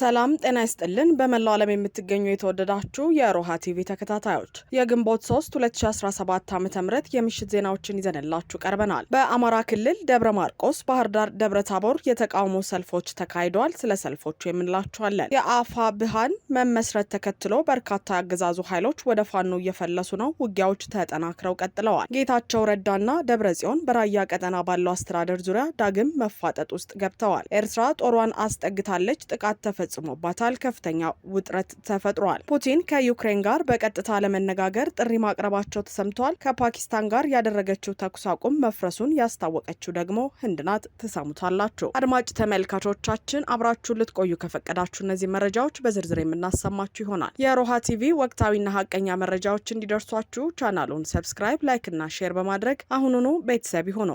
ሰላም ጤና ይስጥልን። በመላው ዓለም የምትገኙ የተወደዳችሁ የሮሃ ቲቪ ተከታታዮች የግንቦት 3 2017 ዓ ም የምሽት ዜናዎችን ይዘንላችሁ ቀርበናል። በአማራ ክልል ደብረ ማርቆስ፣ ባህር ዳር፣ ደብረ ታቦር የተቃውሞ ሰልፎች ተካሂደዋል። ስለ ሰልፎቹ የምንላችኋለን። የአፋ ብሃን መመስረት ተከትሎ በርካታ አገዛዙ ኃይሎች ወደ ፋኖ እየፈለሱ ነው። ውጊያዎች ተጠናክረው ቀጥለዋል። ጌታቸው ረዳና ደብረ ጽዮን በራያ ቀጠና ባለው አስተዳደር ዙሪያ ዳግም መፋጠጥ ውስጥ ገብተዋል። ኤርትራ ጦሯን አስጠግታለች። ጥቃት ተፈ ተፈጽሞባታል። ከፍተኛ ውጥረት ተፈጥሯል። ፑቲን ከዩክሬን ጋር በቀጥታ ለመነጋገር ጥሪ ማቅረባቸው ተሰምተዋል። ከፓኪስታን ጋር ያደረገችው ተኩስ አቁም መፍረሱን ያስታወቀችው ደግሞ ህንድ ናት። ትሰሙታላችሁ። አድማጭ ተመልካቾቻችን አብራችሁ ልትቆዩ ከፈቀዳችሁ እነዚህ መረጃዎች በዝርዝር የምናሰማችሁ ይሆናል። የሮሃ ቲቪ ወቅታዊና ሀቀኛ መረጃዎች እንዲደርሷችሁ ቻናሉን ሰብስክራይብ፣ ላይክ እና ሼር በማድረግ አሁኑኑ ቤተሰብ ይሁኑ።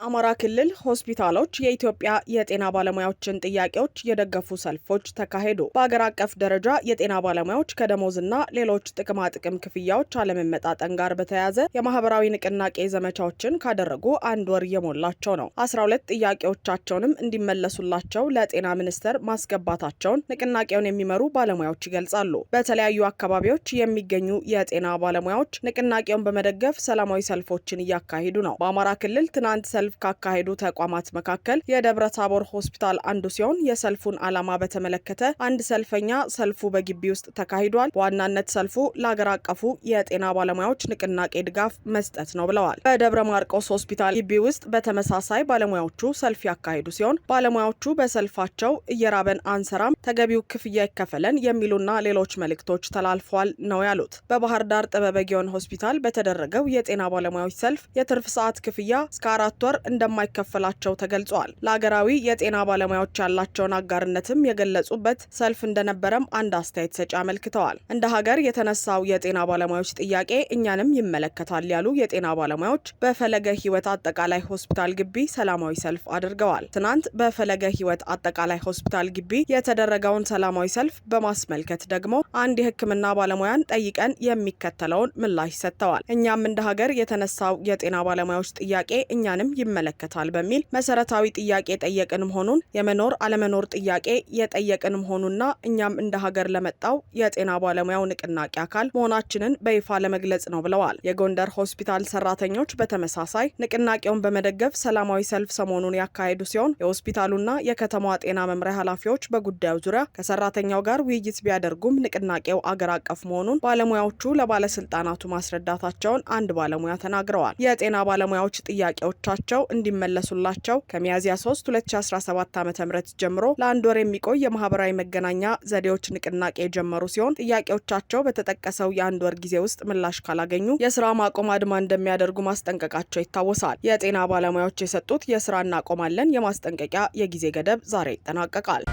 በአማራ ክልል ሆስፒታሎች የኢትዮጵያ የጤና ባለሙያዎችን ጥያቄዎች የደገፉ ሰልፎች ተካሄዱ። በአገር አቀፍ ደረጃ የጤና ባለሙያዎች ከደሞዝና ሌሎች ጥቅማጥቅም ክፍያዎች አለመመጣጠን ጋር በተያያዘ የማህበራዊ ንቅናቄ ዘመቻዎችን ካደረጉ አንድ ወር እየሞላቸው ነው። አስራ ሁለት ጥያቄዎቻቸውንም እንዲመለሱላቸው ለጤና ሚኒስቴር ማስገባታቸውን ንቅናቄውን የሚመሩ ባለሙያዎች ይገልጻሉ። በተለያዩ አካባቢዎች የሚገኙ የጤና ባለሙያዎች ንቅናቄውን በመደገፍ ሰላማዊ ሰልፎችን እያካሄዱ ነው። በአማራ ክልል ትናንት ሰልፍ ሰልፍ ካካሄዱ ተቋማት መካከል የደብረ ታቦር ሆስፒታል አንዱ ሲሆን የሰልፉን ዓላማ በተመለከተ አንድ ሰልፈኛ ሰልፉ በግቢ ውስጥ ተካሂዷል፣ በዋናነት ሰልፉ ለሀገር አቀፉ የጤና ባለሙያዎች ንቅናቄ ድጋፍ መስጠት ነው ብለዋል። በደብረ ማርቆስ ሆስፒታል ግቢ ውስጥ በተመሳሳይ ባለሙያዎቹ ሰልፍ ያካሄዱ ሲሆን ባለሙያዎቹ በሰልፋቸው እየራበን አንሰራም፣ ተገቢው ክፍያ ይከፈለን የሚሉና ሌሎች መልእክቶች ተላልፏል ነው ያሉት። በባህር ዳር ጥበበ ሆስፒታል በተደረገው የጤና ባለሙያዎች ሰልፍ የትርፍ ሰዓት ክፍያ እስከ አራት ወር እንደማይከፈላቸው ተገልጿል። ለሀገራዊ የጤና ባለሙያዎች ያላቸውን አጋርነትም የገለጹበት ሰልፍ እንደነበረም አንድ አስተያየት ሰጪ አመልክተዋል። እንደ ሀገር የተነሳው የጤና ባለሙያዎች ጥያቄ እኛንም ይመለከታል ያሉ የጤና ባለሙያዎች በፈለገ ሕይወት አጠቃላይ ሆስፒታል ግቢ ሰላማዊ ሰልፍ አድርገዋል። ትናንት በፈለገ ሕይወት አጠቃላይ ሆስፒታል ግቢ የተደረገውን ሰላማዊ ሰልፍ በማስመልከት ደግሞ አንድ የህክምና ባለሙያን ጠይቀን የሚከተለውን ምላሽ ሰጥተዋል። እኛም እንደ ሀገር የተነሳው የጤና ባለሙያዎች ጥያቄ እኛንም ይመለከታል በሚል መሰረታዊ ጥያቄ የጠየቅን መሆኑን የመኖር አለመኖር ጥያቄ የጠየቅን መሆኑና እኛም እንደ ሀገር ለመጣው የጤና ባለሙያው ንቅናቄ አካል መሆናችንን በይፋ ለመግለጽ ነው ብለዋል። የጎንደር ሆስፒታል ሰራተኞች በተመሳሳይ ንቅናቄውን በመደገፍ ሰላማዊ ሰልፍ ሰሞኑን ያካሄዱ ሲሆን የሆስፒታሉና የከተማዋ ጤና መምሪያ ኃላፊዎች በጉዳዩ ዙሪያ ከሰራተኛው ጋር ውይይት ቢያደርጉም ንቅናቄው አገር አቀፍ መሆኑን ባለሙያዎቹ ለባለስልጣናቱ ማስረዳታቸውን አንድ ባለሙያ ተናግረዋል። የጤና ባለሙያዎች ጥያቄዎቻቸው ተወስደው እንዲመለሱላቸው ከሚያዝያ 3 2017 ዓ ም ጀምሮ ለአንድ ወር የሚቆይ የማህበራዊ መገናኛ ዘዴዎች ንቅናቄ የጀመሩ ሲሆን ጥያቄዎቻቸው በተጠቀሰው የአንድ ወር ጊዜ ውስጥ ምላሽ ካላገኙ የስራ ማቆም አድማ እንደሚያደርጉ ማስጠንቀቃቸው ይታወሳል። የጤና ባለሙያዎች የሰጡት የስራ እናቆማለን የማስጠንቀቂያ የጊዜ ገደብ ዛሬ ይጠናቀቃል።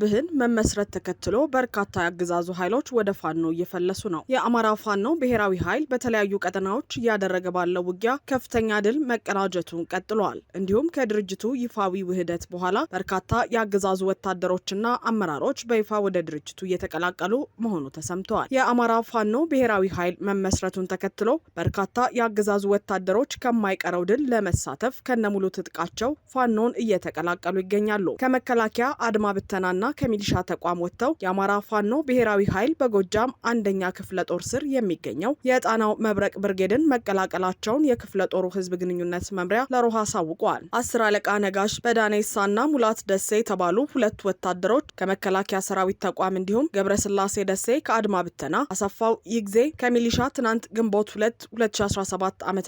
ብህን መመስረት ተከትሎ በርካታ የአገዛዙ ኃይሎች ወደ ፋኖ እየፈለሱ ነው። የአማራ ፋኖ ብሔራዊ ኃይል በተለያዩ ቀጠናዎች እያደረገ ባለው ውጊያ ከፍተኛ ድል መቀዳጀቱን ቀጥሏል። እንዲሁም ከድርጅቱ ይፋዊ ውህደት በኋላ በርካታ የአገዛዙ ወታደሮችና አመራሮች በይፋ ወደ ድርጅቱ እየተቀላቀሉ መሆኑ ተሰምተዋል። የአማራ ፋኖ ብሔራዊ ኃይል መመስረቱን ተከትሎ በርካታ የአገዛዙ ወታደሮች ከማይቀረው ድል ለመሳተፍ ከነሙሉ ትጥቃቸው ፋኖን እየተቀላቀሉ ይገኛሉ። ከመከላከያ አድማ ብተናና ከሚሊሻ ተቋም ወጥተው የአማራ ፋኖ ብሔራዊ ኃይል በጎጃም አንደኛ ክፍለ ጦር ስር የሚገኘው የጣናው መብረቅ ብርጌድን መቀላቀላቸውን የክፍለ ጦሩ ህዝብ ግንኙነት መምሪያ ለሮሃ አሳውቀዋል። አስር አለቃ ነጋሽ በዳኔሳና ሙላት ደሴ የተባሉ ሁለት ወታደሮች ከመከላከያ ሰራዊት ተቋም እንዲሁም ገብረስላሴ ደሴ ከአድማ ብተና፣ አሰፋው ይግዜ ከሚሊሻ ትናንት ግንቦት 2 2017 ዓ ም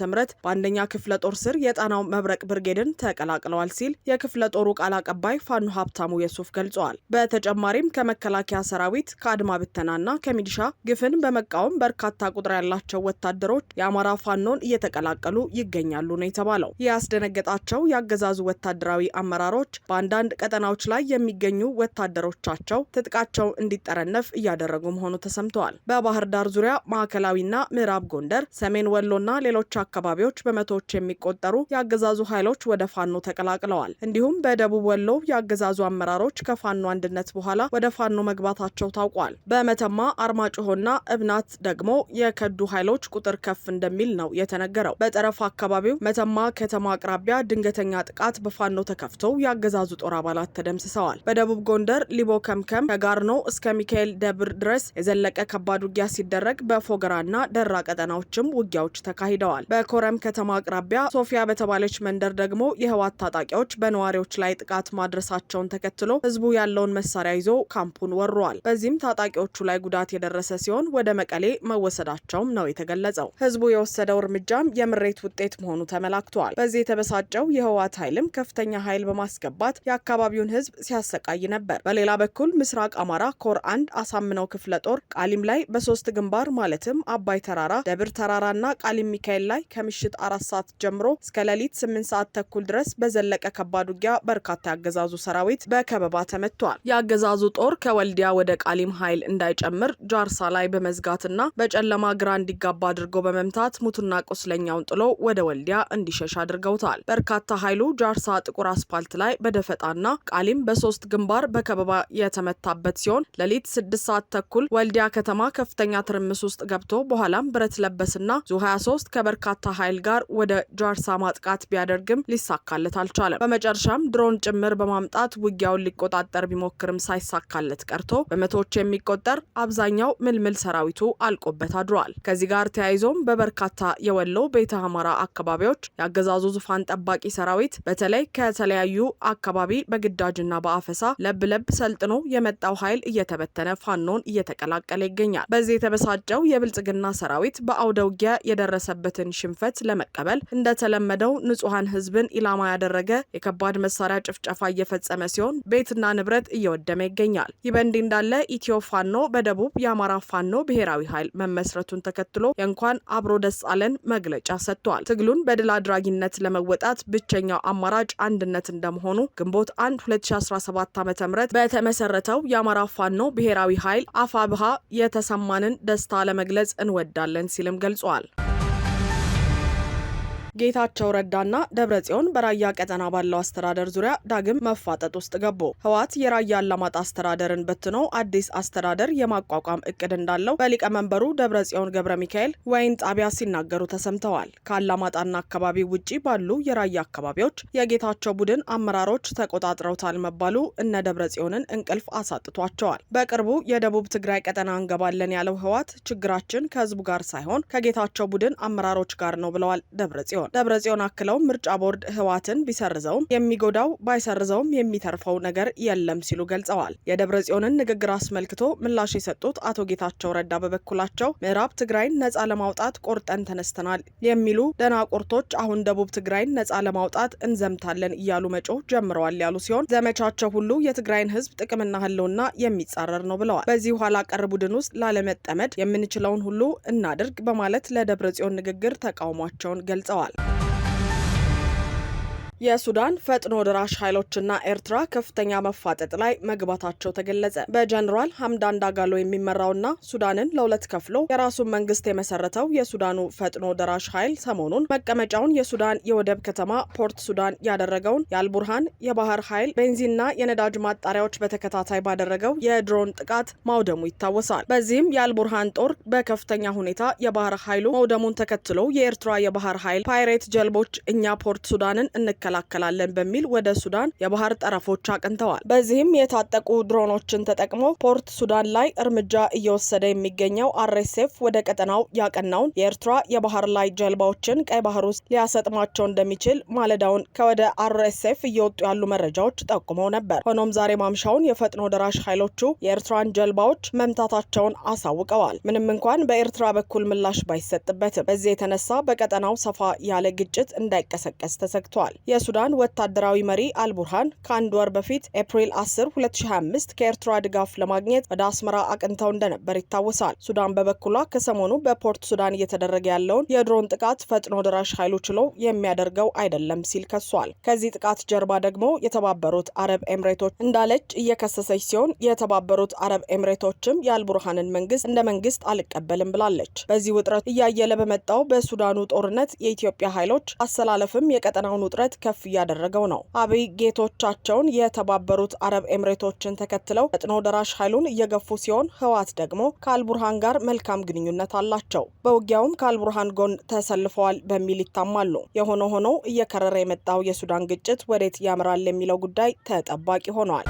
በአንደኛ ክፍለ ጦር ስር የጣናው መብረቅ ብርጌድን ተቀላቅለዋል ሲል የክፍለ ጦሩ ቃል አቀባይ ፋኖ ሀብታሙ የሱፍ ገል ገልጸዋል። በተጨማሪም ከመከላከያ ሰራዊት ከአድማ ብተናና ከሚሊሻ ግፍን በመቃወም በርካታ ቁጥር ያላቸው ወታደሮች የአማራ ፋኖን እየተቀላቀሉ ይገኛሉ ነው የተባለው። ያስደነገጣቸው የአገዛዙ ወታደራዊ አመራሮች በአንዳንድ ቀጠናዎች ላይ የሚገኙ ወታደሮቻቸው ትጥቃቸው እንዲጠረነፍ እያደረጉ መሆኑ ተሰምተዋል። በባህር ዳር ዙሪያ ማዕከላዊና ምዕራብ ጎንደር፣ ሰሜን ወሎና ሌሎች አካባቢዎች በመቶዎች የሚቆጠሩ የአገዛዙ ኃይሎች ወደ ፋኖ ተቀላቅለዋል። እንዲሁም በደቡብ ወሎ የአገዛዙ አመራሮች ከ ከፋኖ አንድነት በኋላ ወደ ፋኖ መግባታቸው ታውቋል። በመተማ አርማጭሆና እብናት ደግሞ የከዱ ኃይሎች ቁጥር ከፍ እንደሚል ነው የተነገረው። በጠረፍ አካባቢው መተማ ከተማ አቅራቢያ ድንገተኛ ጥቃት በፋኖ ተከፍቶ የአገዛዙ ጦር አባላት ተደምስሰዋል። በደቡብ ጎንደር ሊቦ ከምከም ከጋርኖ እስከ ሚካኤል ደብር ድረስ የዘለቀ ከባድ ውጊያ ሲደረግ በፎገራና ደራ ቀጠናዎችም ውጊያዎች ተካሂደዋል። በኮረም ከተማ አቅራቢያ ሶፊያ በተባለች መንደር ደግሞ የህወሓት ታጣቂዎች በነዋሪዎች ላይ ጥቃት ማድረሳቸውን ተከትሎ ህዝቡ ያለውን መሳሪያ ይዞ ካምፑን ወሯል። በዚህም ታጣቂዎቹ ላይ ጉዳት የደረሰ ሲሆን ወደ መቀሌ መወሰዳቸውም ነው የተገለጸው። ህዝቡ የወሰደው እርምጃም የምሬት ውጤት መሆኑ ተመላክቷል። በዚህ የተበሳጨው የህወሓት ኃይልም ከፍተኛ ኃይል በማስገባት የአካባቢውን ህዝብ ሲያሰቃይ ነበር። በሌላ በኩል ምስራቅ አማራ ኮር አንድ አሳምነው ክፍለ ጦር ቃሊም ላይ በሶስት ግንባር ማለትም አባይ ተራራ፣ ደብር ተራራና ቃሊም ሚካኤል ላይ ከምሽት አራት ሰዓት ጀምሮ እስከ ሌሊት ስምንት ሰዓት ተኩል ድረስ በዘለቀ ከባድ ውጊያ በርካታ ያገዛዙ ሰራዊት በከበባ ተመቷል። የአገዛዙ ጦር ከወልዲያ ወደ ቃሊም ኃይል እንዳይጨምር ጃርሳ ላይ በመዝጋትና በጨለማ ግራ እንዲጋባ አድርጎ በመምታት ሙትና ቁስለኛውን ጥሎ ወደ ወልዲያ እንዲሸሽ አድርገውታል። በርካታ ኃይሉ ጃርሳ ጥቁር አስፓልት ላይ በደፈጣና ቃሊም በሶስት ግንባር በከበባ የተመታበት ሲሆን ሌሊት ስድስት ሰዓት ተኩል ወልዲያ ከተማ ከፍተኛ ትርምስ ውስጥ ገብቶ በኋላም ብረት ለበስና ዙ 23 ከበርካታ ኃይል ጋር ወደ ጃርሳ ማጥቃት ቢያደርግም ሊሳካለት አልቻለም። በመጨረሻም ድሮን ጭምር በማምጣት ውጊያውን ሊቆጣ ሊቆጣጠር ቢሞክርም ሳይሳካለት ቀርቶ በመቶዎች የሚቆጠር አብዛኛው ምልምል ሰራዊቱ አልቆበት አድሯል። ከዚህ ጋር ተያይዞም በበርካታ የወሎ ቤተ አማራ አካባቢዎች የአገዛዙ ዙፋን ጠባቂ ሰራዊት በተለይ ከተለያዩ አካባቢ በግዳጅና በአፈሳ ለብ ለብ ሰልጥኖ የመጣው ኃይል እየተበተነ ፋኖን እየተቀላቀለ ይገኛል። በዚህ የተበሳጨው የብልጽግና ሰራዊት በአውደ ውጊያ የደረሰበትን ሽንፈት ለመቀበል እንደተለመደው ንጹሐን ህዝብን ኢላማ ያደረገ የከባድ መሳሪያ ጭፍጨፋ እየፈጸመ ሲሆን ቤትና ንብረት እየወደመ ይገኛል። ይህ በእንዲህ እንዳለ ኢትዮ ፋኖ በደቡብ የአማራ ፋኖ ብሔራዊ ኃይል መመስረቱን ተከትሎ የእንኳን አብሮ ደስ አለን መግለጫ ሰጥቷል። ትግሉን በድል አድራጊነት ለመወጣት ብቸኛው አማራጭ አንድነት እንደመሆኑ ግንቦት 1 2017 ዓ ም በተመሰረተው የአማራ ፋኖ ብሔራዊ ኃይል አፋብሃ የተሰማንን ደስታ ለመግለጽ እንወዳለን ሲልም ገልጿል። ጌታቸው ረዳና ደብረ ጽዮን በራያ ቀጠና ባለው አስተዳደር ዙሪያ ዳግም መፋጠጥ ውስጥ ገቡ። ህወሓት የራያ አላማጣ አስተዳደርን በትኖ አዲስ አስተዳደር የማቋቋም እቅድ እንዳለው በሊቀመንበሩ ጽዮን ገብረ ሚካኤል ወይን ጣቢያ ሲናገሩ ተሰምተዋል። ከአላማጣና አካባቢ ውጪ ባሉ የራያ አካባቢዎች የጌታቸው ቡድን አመራሮች ተቆጣጥረውታል መባሉ እነ ጽዮንን እንቅልፍ አሳጥቷቸዋል። በቅርቡ የደቡብ ትግራይ ቀጠና እንገባለን ያለው ህወሓት ችግራችን ከህዝቡ ጋር ሳይሆን ከጌታቸው ቡድን አመራሮች ጋር ነው ብለዋል ጽዮን። ደብረጽዮን ደብረጽዮን አክለው ምርጫ ቦርድ ህወሓትን ቢሰርዘውም የሚጎዳው ባይሰርዘውም የሚተርፈው ነገር የለም ሲሉ ገልጸዋል። የደብረጽዮንን ንግግር አስመልክቶ ምላሽ የሰጡት አቶ ጌታቸው ረዳ በበኩላቸው ምዕራብ ትግራይን ነጻ ለማውጣት ቆርጠን ተነስተናል የሚሉ ደናቁርቶች አሁን ደቡብ ትግራይን ነጻ ለማውጣት እንዘምታለን እያሉ መጮ ጀምረዋል ያሉ ሲሆን ዘመቻቸው ሁሉ የትግራይን ህዝብ ጥቅምና ህልውና የሚጻረር ነው ብለዋል። በዚህ ኋላ ቀር ቡድን ውስጥ ላለመጠመድ የምንችለውን ሁሉ እናድርግ በማለት ለደብረ ጽዮን ንግግር ተቃውሟቸውን ገልጸዋል። የሱዳን ፈጥኖ ደራሽ ኃይሎችና ኤርትራ ከፍተኛ መፋጠጥ ላይ መግባታቸው ተገለጸ። በጀኔራል ሀምዳን ዳጋሎ የሚመራውና ሱዳንን ለሁለት ከፍሎ የራሱን መንግስት የመሰረተው የሱዳኑ ፈጥኖ ደራሽ ኃይል ሰሞኑን መቀመጫውን የሱዳን የወደብ ከተማ ፖርት ሱዳን ያደረገውን የአልቡርሃን የባህር ኃይል ቤንዚንና የነዳጅ ማጣሪያዎች በተከታታይ ባደረገው የድሮን ጥቃት ማውደሙ ይታወሳል። በዚህም የአልቡርሃን ጦር በከፍተኛ ሁኔታ የባህር ኃይሉ መውደሙን ተከትሎ የኤርትራ የባህር ኃይል ፓይሬት ጀልቦች እኛ ፖርት ሱዳንን እንከ እንከላከላለን በሚል ወደ ሱዳን የባህር ጠረፎች አቅንተዋል። በዚህም የታጠቁ ድሮኖችን ተጠቅሞ ፖርት ሱዳን ላይ እርምጃ እየወሰደ የሚገኘው አርኤስኤፍ ወደ ቀጠናው ያቀናውን የኤርትራ የባህር ላይ ጀልባዎችን ቀይ ባህር ውስጥ ሊያሰጥማቸው እንደሚችል ማለዳውን ከወደ አርኤስኤፍ እየወጡ ያሉ መረጃዎች ጠቁመው ነበር። ሆኖም ዛሬ ማምሻውን የፈጥኖ ደራሽ ኃይሎቹ የኤርትራን ጀልባዎች መምታታቸውን አሳውቀዋል። ምንም እንኳን በኤርትራ በኩል ምላሽ ባይሰጥበትም በዚህ የተነሳ በቀጠናው ሰፋ ያለ ግጭት እንዳይቀሰቀስ ተሰግቷል። የሱዳን ወታደራዊ መሪ አልቡርሃን ከአንድ ወር በፊት ኤፕሪል 10 2025 ከኤርትራ ድጋፍ ለማግኘት ወደ አስመራ አቅንተው እንደነበር ይታወሳል። ሱዳን በበኩሏ ከሰሞኑ በፖርት ሱዳን እየተደረገ ያለውን የድሮን ጥቃት ፈጥኖ ደራሽ ኃይሉ ችሎ የሚያደርገው አይደለም ሲል ከሷል። ከዚህ ጥቃት ጀርባ ደግሞ የተባበሩት አረብ ኤምሬቶች እንዳለች እየከሰሰች ሲሆን የተባበሩት አረብ ኤምሬቶችም የአልቡርሃንን መንግስት እንደ መንግስት አልቀበልም ብላለች። በዚህ ውጥረት እያየለ በመጣው በሱዳኑ ጦርነት የኢትዮጵያ ኃይሎች አሰላለፍም የቀጠናውን ውጥረት ከፍ እያደረገው ነው። አብይ ጌቶቻቸውን የተባበሩት አረብ ኤምሬቶችን ተከትለው ፈጥኖ ደራሽ ኃይሉን እየገፉ ሲሆን ህወሓት ደግሞ ከአልቡርሃን ጋር መልካም ግንኙነት አላቸው። በውጊያውም ከአልቡርሃን ጎን ተሰልፈዋል በሚል ይታማሉ። የሆነ ሆኖ እየከረረ የመጣው የሱዳን ግጭት ወዴት ያምራል የሚለው ጉዳይ ተጠባቂ ሆኗል።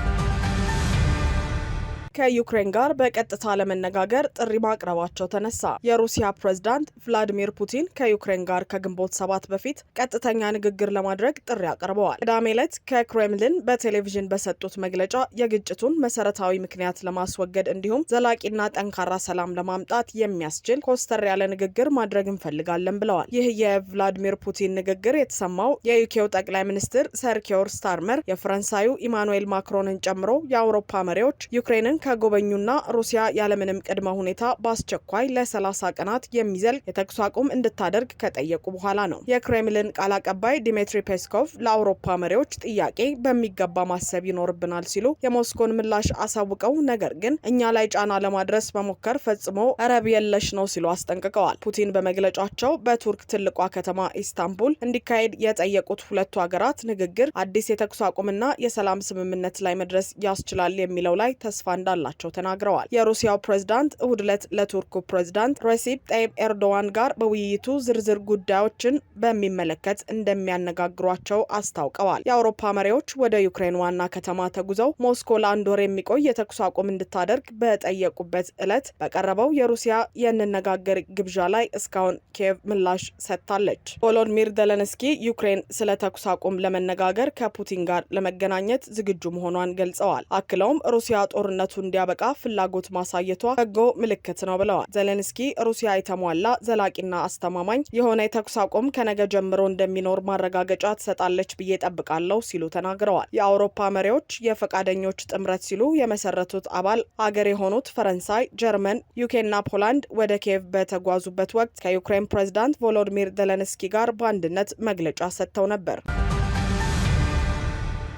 ከዩክሬን ጋር በቀጥታ ለመነጋገር ጥሪ ማቅረባቸው ተነሳ። የሩሲያ ፕሬዝዳንት ቭላዲሚር ፑቲን ከዩክሬን ጋር ከግንቦት ሰባት በፊት ቀጥተኛ ንግግር ለማድረግ ጥሪ አቅርበዋል። ቅዳሜ ዕለት ከክሬምሊን በቴሌቪዥን በሰጡት መግለጫ የግጭቱን መሰረታዊ ምክንያት ለማስወገድ እንዲሁም ዘላቂና ጠንካራ ሰላም ለማምጣት የሚያስችል ኮስተር ያለ ንግግር ማድረግ እንፈልጋለን ብለዋል። ይህ የቭላዲሚር ፑቲን ንግግር የተሰማው የዩኬው ጠቅላይ ሚኒስትር ሰር ስታርመር የፈረንሳዩ ኢማኑኤል ማክሮንን ጨምሮ የአውሮፓ መሪዎች ዩክሬንን ከጎበኙና ሩሲያ ያለምንም ቅድመ ሁኔታ በአስቸኳይ ለ30 ቀናት የሚዘልቅ የተኩስ አቁም እንድታደርግ ከጠየቁ በኋላ ነው። የክሬምሊን ቃል አቀባይ ዲሜትሪ ፔስኮቭ ለአውሮፓ መሪዎች ጥያቄ በሚገባ ማሰብ ይኖርብናል ሲሉ የሞስኮን ምላሽ አሳውቀው፣ ነገር ግን እኛ ላይ ጫና ለማድረስ በሞከር ፈጽሞ ረብ የለሽ ነው ሲሉ አስጠንቅቀዋል። ፑቲን በመግለጫቸው በቱርክ ትልቋ ከተማ ኢስታንቡል እንዲካሄድ የጠየቁት ሁለቱ ሀገራት ንግግር አዲስ የተኩስ አቁምና የሰላም ስምምነት ላይ መድረስ ያስችላል የሚለው ላይ ተስፋ እንዳለ እንዳላቸው ተናግረዋል። የሩሲያው ፕሬዝዳንት እሁድ ዕለት ለቱርኩ ፕሬዝዳንት ረሲፕ ጠይብ ኤርዶዋን ጋር በውይይቱ ዝርዝር ጉዳዮችን በሚመለከት እንደሚያነጋግሯቸው አስታውቀዋል። የአውሮፓ መሪዎች ወደ ዩክሬን ዋና ከተማ ተጉዘው ሞስኮ ለአንድ ወር የሚቆይ የተኩስ አቁም እንድታደርግ በጠየቁበት ዕለት በቀረበው የሩሲያ የንነጋገር ግብዣ ላይ እስካሁን ኪየቭ ምላሽ ሰጥታለች። ቮሎዲሚር ዘለንስኪ ዩክሬን ስለ ተኩስ አቁም ለመነጋገር ከፑቲን ጋር ለመገናኘት ዝግጁ መሆኗን ገልጸዋል። አክለውም ሩሲያ ጦርነቱን እንዲያበቃ ፍላጎት ማሳየቷ በጎ ምልክት ነው ብለዋል። ዘለንስኪ ሩሲያ የተሟላ ዘላቂና አስተማማኝ የሆነ የተኩስ አቁም ከነገ ጀምሮ እንደሚኖር ማረጋገጫ ትሰጣለች ብዬ ጠብቃለሁ ሲሉ ተናግረዋል። የአውሮፓ መሪዎች የፈቃደኞች ጥምረት ሲሉ የመሰረቱት አባል አገር የሆኑት ፈረንሳይ፣ ጀርመን፣ ዩኬና ፖላንድ ወደ ኪየቭ በተጓዙበት ወቅት ከዩክሬን ፕሬዚዳንት ቮሎዲሚር ዘለንስኪ ጋር በአንድነት መግለጫ ሰጥተው ነበር።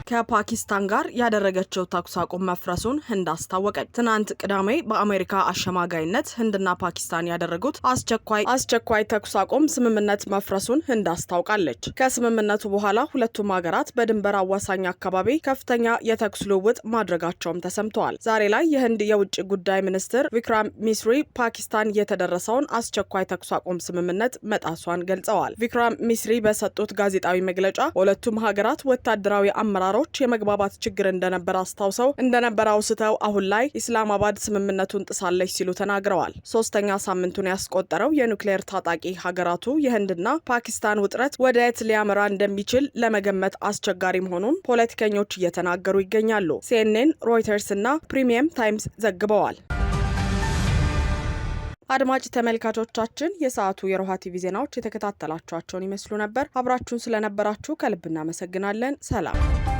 ከፓኪስታን ጋር ያደረገችው ተኩስ አቁም መፍረሱን ህንድ አስታወቀች። ትናንት ቅዳሜ በአሜሪካ አሸማጋይነት ህንድና ፓኪስታን ያደረጉት አስቸኳይ አስቸኳይ ተኩስ አቁም ስምምነት መፍረሱን ህንድ አስታውቃለች። ከስምምነቱ በኋላ ሁለቱም ሀገራት በድንበር አዋሳኝ አካባቢ ከፍተኛ የተኩስ ልውውጥ ማድረጋቸውም ተሰምተዋል። ዛሬ ላይ የህንድ የውጭ ጉዳይ ሚኒስትር ቪክራም ሚስሪ ፓኪስታን የተደረሰውን አስቸኳይ ተኩስ አቁም ስምምነት መጣሷን ገልጸዋል። ቪክራም ሚስሪ በሰጡት ጋዜጣዊ መግለጫ በሁለቱም ሀገራት ወታደራዊ አመራሮች አመራሮች የመግባባት ችግር እንደነበር አስታውሰው እንደነበር አውስተው አሁን ላይ ኢስላማባድ ስምምነቱን ጥሳለች ሲሉ ተናግረዋል። ሶስተኛ ሳምንቱን ያስቆጠረው የኑክሌር ታጣቂ ሀገራቱ የህንድና ፓኪስታን ውጥረት የት ሊያመራ እንደሚችል ለመገመት አስቸጋሪ መሆኑን ፖለቲከኞች እየተናገሩ ይገኛሉ። ሲኤንኤን፣ ሮይተርስ እና ፕሪሚየም ታይምስ ዘግበዋል። አድማጭ ተመልካቾቻችን የሰዓቱ የሮሃ ቲቪ ዜናዎች የተከታተላችኋቸውን ይመስሉ ነበር። አብራችሁን ስለነበራችሁ ከልብ እናመሰግናለን። ሰላም